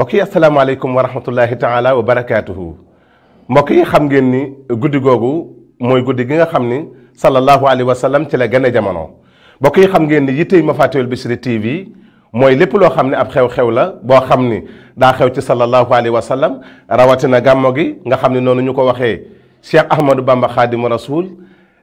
mbokk yi asalaamaaleykum wa rahmatullahi taala wa barakaatuhu mbokk yi xam ngeen ni guddi googu mooy guddi gi nga xam ni sallallahu alayhi wa sallam ci la gane jamono mbokk yi xam ngeen ni yittey Mafatihul Bichri TV mooy lépp loo xam ne ab xew-xew la boo xam ni daa xew ci sallallahu alayhi wa sallam rawatina gàmmo gi nga xam ne noonu ñu ko waxee Cheikh Ahmadou Bamba Khadim Rasoul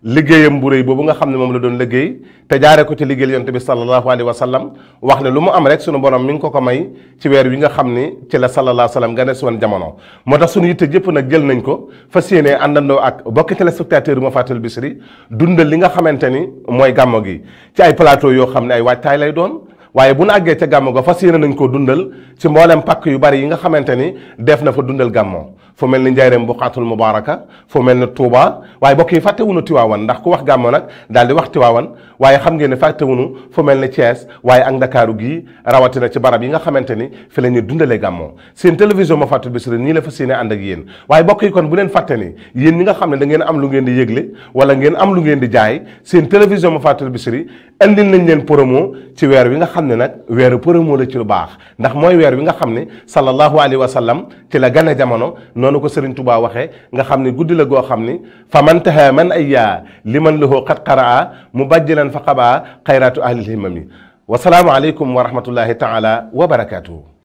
liggéeyam bu rëy boobu nga xam ne moom la doon liggéey te jaare ko ci liggéeyal yonte bi sallallahu alayhi wa sallam wax ne lu mu am rek sunu borom mi ngi ko ko may ci weer wi nga xam ni ci la sallallahu sallam nga ne si woon jamono moo tax sunu yitte jëpp nag jël nañ ko fa yéene àndandoo ak bokki téléspectateur ma fàttali Bichri dundal li nga xamante ni mooy gàmmo gi ci ay plateau yoo xam ne ay waajtaay lay doon waaye bu nu àggee ca gàmmu ga fa yéene nañ koo dundal ci mboolem pàkk yu bari yi nga xamante ni def na fa dundal gàmmoo fu mel ni njayreem bu xaatul mubaaraka fu mel ni Touba waaye bokk yi fàttewunu Tiwaawan ndax ku wax gàmmoo nag daal di wax Tiwaawan waaye xam ngeen ne fàttewunu fu mel ni Thiès waaye ak Ndakaaru gii rawatina ci barab yi nga xamante ni fi la ñuy dundalee gàmmoo seen télévision ma fàttu Bichri nii la fa yéene ànd ak yéen waaye bokk yi kon bu leen fàtte ni yéen ñi nga xam ne da ngeen am lu di yëgle wala ngeen am lu di jaay seen télévision ma fàttu Bichri andil nañ leen promo ci weer wi nga xam ne nag weeru promo la ci lu baax ndax mooy weer wi nga xam ne sallallahu alayhi wa sallam ci la gane jamono noonu ko Serigne Touba waxee nga xam ne guddi la goo xam ni fa man taha man ay yaa li man lahu qad qaraa mu bajjilan fa xabaa xayraatu ahlil himam yi wasalaamu aleykum wa rahmatullahi taala wa barakaatuhu